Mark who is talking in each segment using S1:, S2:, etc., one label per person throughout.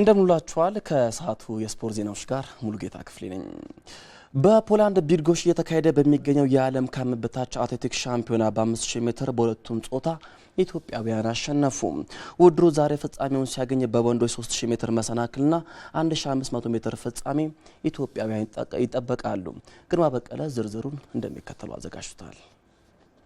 S1: እንደምንላችኋል ከሰዓቱ የስፖርት ዜናዎች ጋር ሙሉጌታ ክፍሌ ነኝ። በፖላንድ ቢድጎሽ እየተካሄደ በሚገኘው የዓለም ካምፕ በታች አትሌቲክስ ሻምፒዮና በ5000 ሜትር በሁለቱም ጾታ ኢትዮጵያውያን አሸነፉ። ውድድሩ ዛሬ ፍጻሜውን ሲያገኝ በወንዶች 3000 ሜትር መሰናክልና 1500 ሜትር ፍጻሜ ኢትዮጵያውያን ይጠበቃሉ። ግርማ በቀለ ዝርዝሩን እንደሚከተሉ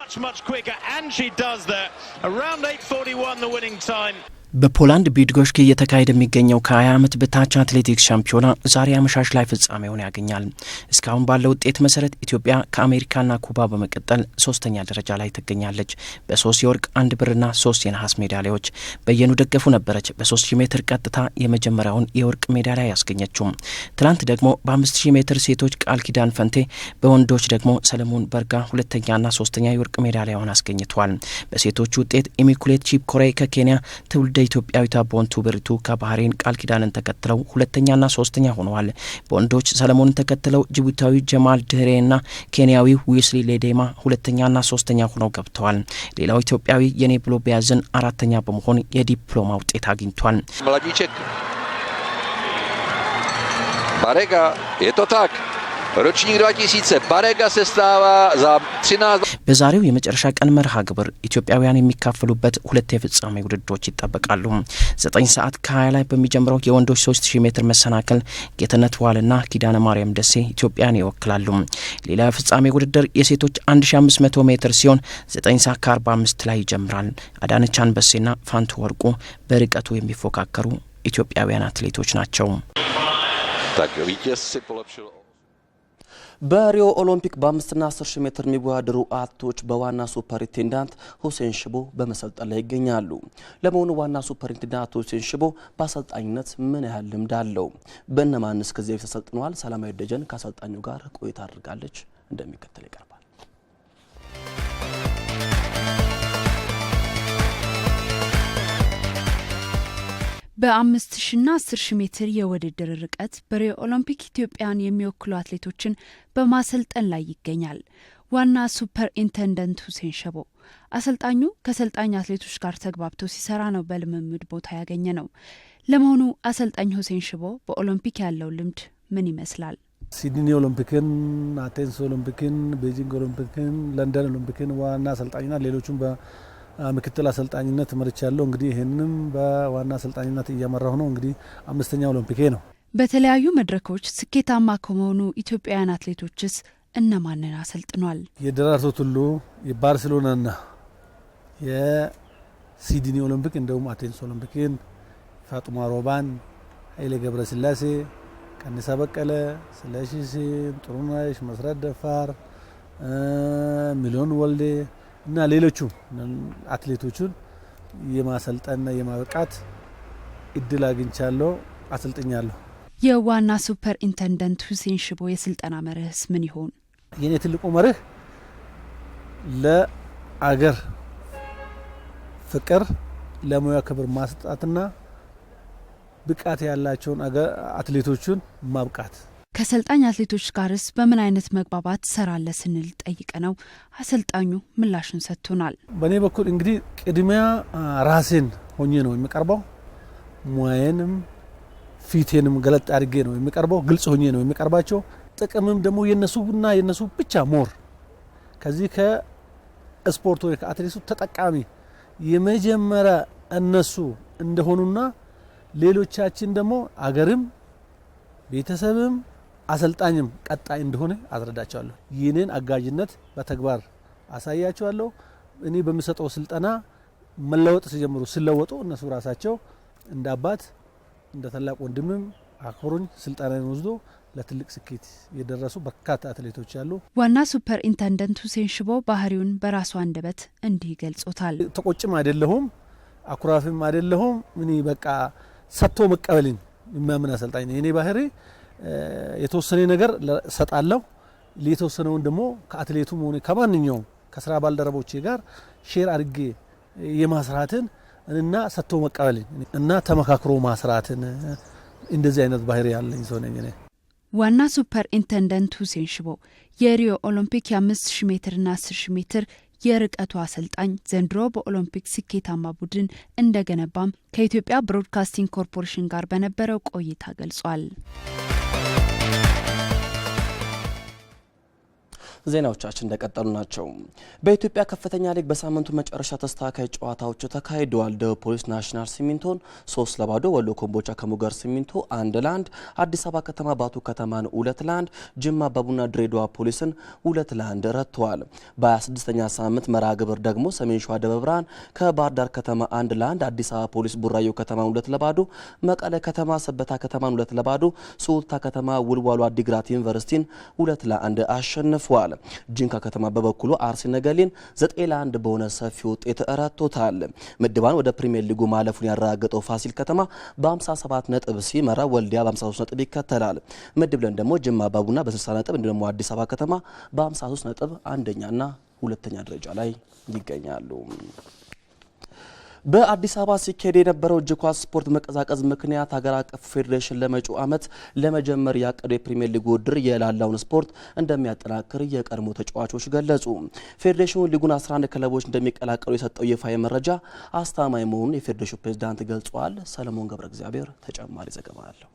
S1: Much, much quicker and she does that around 8:41 the winning time በፖላንድ ቢድጎሽክ እየተካሄደ የሚገኘው ከ20 ዓመት በታች አትሌቲክስ ሻምፒዮና ዛሬ አመሻሽ ላይ ፍጻሜውን ያገኛል። እስካሁን ባለው ውጤት መሰረት ኢትዮጵያ ከአሜሪካና ኩባ በመቀጠል ሶስተኛ ደረጃ ላይ ትገኛለች። በሶስት የወርቅ አንድ ብርና ሶስት የነሐስ ሜዳሊያዎች በየኑ ደገፉ ነበረች። በ3000 ሜትር ቀጥታ የመጀመሪያውን የወርቅ ሜዳሊያ ያስገኘችውም። ትናንት ደግሞ በ5000 ሜትር ሴቶች ቃል ኪዳን ፈንቴ፣ በወንዶች ደግሞ ሰለሞን በርጋ ሁለተኛና ሶስተኛ የወርቅ ሜዳሊያውን አስገኝተዋል። በሴቶቹ ውጤት ኢሚኩሌት ቺፕ ኮሬ ከኬንያ ትውልድ ትውልደ ኢትዮጵያዊቷ ቦንቱ ብርቱ ከባህሬን ቃል ኪዳንን ተከትለው ሁለተኛና ሶስተኛ ሆነዋል። በወንዶች ሰለሞንን ተከትለው ጅቡታዊ ጀማል ድህሬና ኬንያዊው ዊስሊ ሌዴማ ሁለተኛና ሶስተኛ ሆነው ገብተዋል። ሌላው ኢትዮጵያዊ የኔ ብሎ ቢያዝን አራተኛ በመሆን የዲፕሎማ ውጤት አግኝቷል። ባሬጋ ročník 2000 Barega se stává za 13 በዛሬው የመጨረሻ ቀን መርሃ ግብር ኢትዮጵያውያን የሚካፈሉበት ሁለት የፍጻሜ ውድድሮች ይጠበቃሉ። ዘጠኝ ሰዓት ከ20 ላይ በሚጀምረው የወንዶች 3000 ሜትር መሰናክል ጌትነት ዋልና ኪዳነ ማርያም ደሴ ኢትዮጵያን ይወክላሉ። ሌላ የፍጻሜ ውድድር የሴቶች 1500 ሜትር ሲሆን 9 ሰዓት ከ45 ላይ ይጀምራል። አዳነች አንበሴና ፋንቱ ወርቁ በርቀቱ የሚፎካከሩ ኢትዮጵያውያን አትሌቶች ናቸው። በሪዮ ኦሎምፒክ በአምስትና አስር ሺህ ሜትር የሚወዳደሩ አትሌቶች በዋና ሱፐር ኢንቴንዳንት ሁሴን ሽቦ በመሰልጠን ላይ ይገኛሉ። ለመሆኑ ዋና ሱፐር ኢንቴንዳንት ሁሴን ሽቦ በአሰልጣኝነት ምን ያህል ልምድ አለው? በእነማንስ ከዚህ በፊት ተሰልጥነዋል? ሰላማዊ ደጀን ከአሰልጣኙ ጋር ቆይታ አድርጋለች፣ እንደሚከተል ይቀርባል። በአምስት ሺና አስር ሺ ሜትር የውድድር ርቀት በሪዮ ኦሎምፒክ ኢትዮጵያን የሚወክሉ አትሌቶችን በማሰልጠን ላይ ይገኛል። ዋና ሱፐር ኢንተንደንት ሁሴን ሸቦ አሰልጣኙ ከሰልጣኝ አትሌቶች ጋር ተግባብቶ ሲሰራ ነው በልምምድ ቦታ ያገኘ ነው። ለመሆኑ አሰልጣኝ ሁሴን ሽቦ በኦሎምፒክ ያለው ልምድ ምን ይመስላል?
S2: ሲድኒ ኦሎምፒክን፣ አቴንስ ኦሎምፒክን፣ ቤጂንግ ኦሎምፒክን፣ ለንደን ኦሎምፒክን ዋና አሰልጣኝና ሌሎቹም ምክትል አሰልጣኝነት መርቻለሁ። እንግዲህ ይህንንም በዋና አሰልጣኝነት እያመራሁ ነው። እንግዲህ አምስተኛ ኦሎምፒኬ ነው።
S1: በተለያዩ መድረኮች ስኬታማ ከመሆኑ ኢትዮጵያውያን አትሌቶችስ እነማንን አሰልጥኗል?
S2: የደራርቱ ቱሉ የባርሴሎናና የሲድኒ ኦሎምፒክ እንደውም አቴንስ ኦሎምፒክን፣ ፋጡማ ሮባን፣ ኃይሌ ስላሴ፣ ቀኒሳ በቀለ፣ ስለሺ ስህን፣ ጥሩነሽ፣ መስራት ደፋር፣ ሚሊዮን ወልዴ እና ሌሎቹ አትሌቶቹን የማሰልጠንና የማብቃት እድል አግኝቻለሁ፣ አሰልጥኛለሁ።
S1: የዋና ሱፐር ኢንተንደንት ሁሴን ሽቦ የስልጠና መርህስ ምን ይሆን?
S2: የእኔ ትልቁ መርህ ለአገር ፍቅር፣ ለሙያ ክብር ማስጣትና ብቃት ያላቸውን አትሌቶቹን ማብቃት
S1: ከሰልጣኝ አትሌቶች ጋርስ በምን አይነት መግባባት ትሰራለ ስንል ጠይቀ ነው አሰልጣኙ ምላሹን ሰጥቶናል።
S2: በእኔ በኩል እንግዲህ ቅድሚያ ራሴን ሆኜ ነው የሚቀርበው። ሙያዬንም ፊቴንም ገለጥ አድርጌ ነው የሚቀርበው። ግልጽ ሆኜ ነው የሚቀርባቸው። ጥቅምም ደግሞ የነሱና የነሱ ብቻ ሞር ከዚህ ከስፖርት ወይ ከአትሌቱ ተጠቃሚ የመጀመሪያ እነሱ እንደሆኑና ሌሎቻችን ደግሞ አገርም ቤተሰብም አሰልጣኝም ቀጣይ እንደሆነ አስረዳቸዋለሁ። ይህንን አጋዥነት በተግባር አሳያቸዋለሁ። እኔ በሚሰጠው ስልጠና መለወጥ ሲጀምሩ ሲለወጡ እነሱ ራሳቸው እንደ አባት እንደ ታላቅ ወንድምም አክብሩኝ ስልጠናን ወስዶ ለትልቅ ስኬት የደረሱ በርካታ አትሌቶች አሉ።
S1: ዋና ሱፐር ኢንተንደንት ሁሴን ሽቦ ባህሪውን በራሱ አንደበት እንዲህ ይገልጾታል።
S2: ተቆጭም አይደለሁም፣ አኩራፊም አይደለሁም። እኔ በቃ ሰጥቶ መቀበልን የሚያምን አሰልጣኝ ነው የኔ ባህሪ። የተወሰነ ነገር ሰጣለሁ። የተወሰነውን ደግሞ ከአትሌቱም ሆነ ከማንኛውም ከስራ ባልደረቦቼ ጋር ሼር አድርጌ የማስራትን እና ሰጥቶ መቀበልን እና ተመካክሮ ማስራትን እንደዚህ አይነት ባህሪ ያለኝ ሰው ነኝ እኔ።
S1: ዋና ሱፐር ኢንተንደንት ሁሴን ሽቦ የሪዮ ኦሎምፒክ የአምስት ሺ ሜትርና አስር ሺ ሜትር የርቀቱ አሰልጣኝ ዘንድሮ በኦሎምፒክ ስኬታማ ቡድን እንደገነባም ከኢትዮጵያ ብሮድካስቲንግ ኮርፖሬሽን ጋር በነበረው ቆይታ ገልጿል። ዜናዎቻችን እንደቀጠሉ ናቸው። በኢትዮጵያ ከፍተኛ ሊግ በሳምንቱ መጨረሻ ተስተካካይ ጨዋታዎች ተካሂደዋል። ደቡብ ፖሊስ ናሽናል ሲሚንቶን ሶስት ለባዶ፣ ወሎ ኮምቦቻ ከሙገር ሲሚንቶ አንድ ለአንድ፣ አዲስ አበባ ከተማ ባቱ ከተማን ሁለት ለአንድ፣ ጅማ አባቡና ድሬዳዋ ፖሊስን ሁለት ለአንድ ረትተዋል። በ26ኛ ሳምንት መርሃ ግብር ደግሞ ሰሜን ሸዋ ደብረ ብርሃን ከባህር ዳር ከተማ አንድ ለአንድ፣ አዲስ አበባ ፖሊስ ቡራዮ ከተማን ሁለት ለባዶ፣ መቀለ ከተማ ሰበታ ከተማን ሁለት ለባዶ፣ ሱልታ ከተማ ውልዋሉ አዲግራት ዩኒቨርሲቲን ሁለት ለአንድ አሸንፏል። ተጠናቋል። ጂንካ ከተማ በበኩሉ አርሲ ነገሌን 9 ለ በሆነ ሰፊ ውጤት ረቶታል። ምድባን ወደ ፕሪሚየር ሊጉ ማለፉን ያረጋገጠው ፋሲል ከተማ በ57 ነጥብ ሲመራ ወልዲያ በ53 ነጥብ ይከተላል። ምድብ ለን ደግሞ ጅማ አባቡና በ60 ነጥብ እንዲሁ ደግሞ አዲስ አበባ ከተማ በ53 ነጥብ አንደኛና ሁለተኛ ደረጃ ላይ ይገኛሉ። በአዲስ አበባ ሲካሄድ የነበረው እጅ ኳስ ስፖርት መቀዛቀዝ ምክንያት ሀገር አቀፍ ፌዴሬሽን ለመጪው ዓመት ለመጀመር ያቀደው የፕሪሚየር ሊግ ውድድር የላላውን ስፖርት እንደሚያጠናክር የቀድሞ ተጫዋቾች ገለጹ። ፌዴሬሽኑ ሊጉን 11 ክለቦች እንደሚቀላቀሉ የሰጠው የፋይ መረጃ አስተማማኝ መሆኑን የፌዴሬሽኑ ፕሬዝዳንት ገልጸዋል። ሰለሞን ገብረ እግዚአብሔር ተጨማሪ ዘገባ አለው።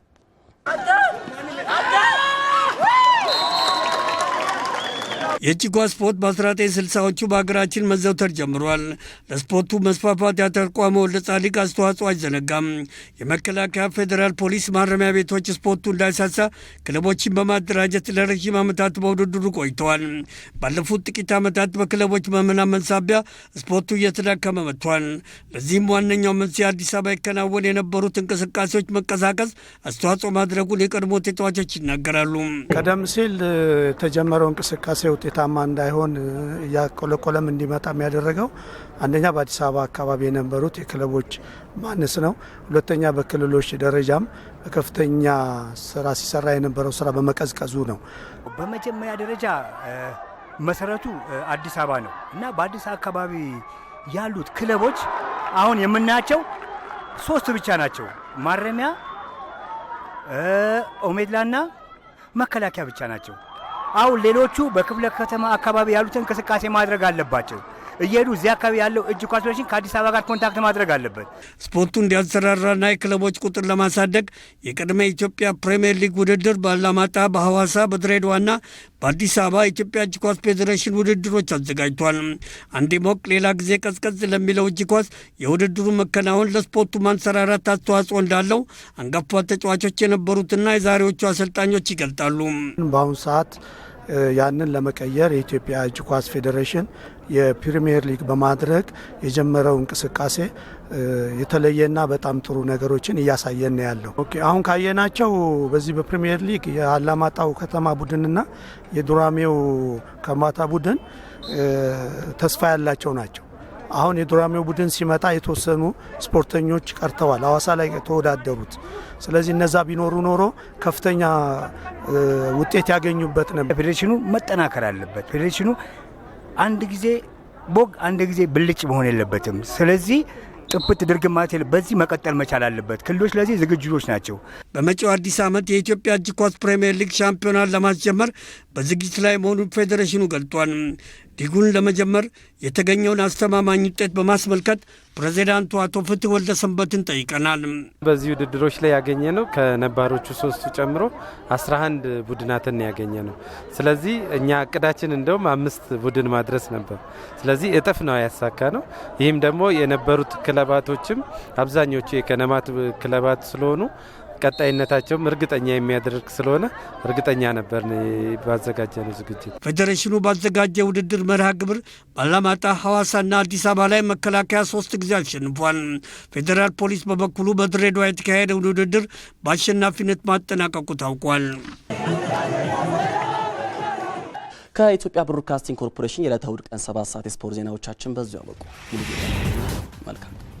S3: የእጅ ኳስ ስፖርት በ1960ዎቹ በሀገራችን መዘውተር ጀምሯል። ለስፖርቱ መስፋፋት ያተቋመ ወልደ ጻዲቅ አስተዋጽኦ አይዘነጋም። የመከላከያ ፌዴራል ፖሊስ ማረሚያ ቤቶች ስፖርቱ እንዳይሳሳ ክለቦችን በማደራጀት ለረዥም ዓመታት በውድድሩ ቆይተዋል። ባለፉት ጥቂት ዓመታት በክለቦች መመናመን ሳቢያ ስፖርቱ እየተዳከመ መጥቷል። ለዚህም ዋነኛው መንስኤ አዲስ አበባ ይከናወን የነበሩት እንቅስቃሴዎች መቀሳቀስ አስተዋጽኦ ማድረጉን የቀድሞ ተጫዋቾች ይናገራሉ።
S4: ቀደም ሲል የተጀመረው እንቅስቃሴ ውጤታማ እንዳይሆን እያቆለቆለም እንዲመጣም ያደረገው አንደኛ በአዲስ አበባ አካባቢ የነበሩት የክለቦች ማነስ ነው። ሁለተኛ በክልሎች ደረጃም በከፍተኛ ስራ ሲሰራ የነበረው ስራ በመቀዝቀዙ ነው።
S5: በመጀመሪያ ደረጃ መሰረቱ አዲስ አበባ ነው እና በአዲስ አካባቢ ያሉት ክለቦች አሁን የምናያቸው ሶስት ብቻ ናቸው። ማረሚያ፣ ኦሜድላና መከላከያ ብቻ ናቸው። አሁን ሌሎቹ በክፍለ ከተማ አካባቢ ያሉትን እንቅስቃሴ ማድረግ አለባቸው። እየሄዱ እዚህ አካባቢ ያለው እጅ ኳስ ፌዴሬሽን ከአዲስ አበባ ጋር ኮንታክት ማድረግ አለበት።
S3: ስፖርቱ እንዲያሰራራና የክለቦች ቁጥር ለማሳደግ የቀድሞ የኢትዮጵያ ፕሪምየር ሊግ ውድድር በአላማጣ፣ በሐዋሳ፣ በድሬዳዋና በአዲስ አበባ የኢትዮጵያ እጅ ኳስ ፌዴሬሽን ውድድሮች አዘጋጅቷል። አንዴ ሞቅ ሌላ ጊዜ ቀዝቀዝ ለሚለው እጅ ኳስ የውድድሩ መከናወን ለስፖርቱ ማንሰራራት አስተዋጽኦ እንዳለው አንጋፋ ተጫዋቾች የነበሩትና የዛሬዎቹ አሰልጣኞች ይገልጣሉ።
S4: በአሁኑ ሰዓት ያንን ለመቀየር የኢትዮጵያ እጅ ኳስ ፌዴሬሽን የፕሪሚየር ሊግ በማድረግ የጀመረው እንቅስቃሴ የተለየና በጣም ጥሩ ነገሮችን እያሳየን ያለው። አሁን ካየናቸው በዚህ በፕሪሚየር ሊግ የአላማጣው ከተማ ቡድንና የዱራሜው ከማታ ቡድን ተስፋ ያላቸው ናቸው። አሁን የዱራሜው ቡድን ሲመጣ የተወሰኑ ስፖርተኞች ቀርተዋል፣ አዋሳ ላይ የተወዳደሩት። ስለዚህ እነዛ ቢኖሩ ኖሮ ከፍተኛ ውጤት ያገኙበት ነበር።
S5: ፌዴሬሽኑ መጠናከር አለበት። ፌዴሬሽኑ አንድ ጊዜ ቦግ አንድ ጊዜ ብልጭ መሆን የለበትም። ስለዚህ ጥፍት ድርግማት በዚህ መቀጠል መቻል አለበት። ክልሎች ለዚህ ዝግጅቶች ናቸው።
S3: በመጪው አዲስ ዓመት የኢትዮጵያ እጅ ኳስ ፕሪምየር ሊግ ሻምፒዮናን ለማስጀመር በዝግጅት ላይ መሆኑን ፌዴሬሽኑ ገልጧል። ሊጉን ለመጀመር የተገኘውን አስተማማኝ ውጤት በማስመልከት ፕሬዚዳንቱ አቶ ፍትህ ወልደ ሰንበትን ጠይቀናል።
S6: በዚህ ውድድሮች ላይ ያገኘ ነው ከነባሮቹ ሶስቱ ጨምሮ 11 ቡድናትን ያገኘ ነው። ስለዚህ እኛ እቅዳችን እንደውም አምስት ቡድን ማድረስ ነበር። ስለዚህ እጥፍ ነው ያሳካ ነው። ይህም ደግሞ የነበሩት ክለባቶችም አብዛኞቹ የከነማት ክለባት ስለሆኑ ቀጣይነታቸውም እርግጠኛ የሚያደርግ ስለሆነ እርግጠኛ ነበር ባዘጋጀነው ዝግጅት።
S3: ፌዴሬሽኑ ባዘጋጀ ውድድር መርሃ ግብር ባላማጣ፣ ሐዋሳና አዲስ አበባ ላይ መከላከያ ሶስት ጊዜ አሸንፏል። ፌዴራል ፖሊስ በበኩሉ በድሬዳዋ የተካሄደውን ውድድር በአሸናፊነት ማጠናቀቁ ታውቋል።
S1: ከኢትዮጵያ ብሮድካስቲንግ ኮርፖሬሽን የዕለተ እሑድ ቀን ሰባት ሰዓት የስፖርት ዜናዎቻችን በዚሁ አበቁ። መልካም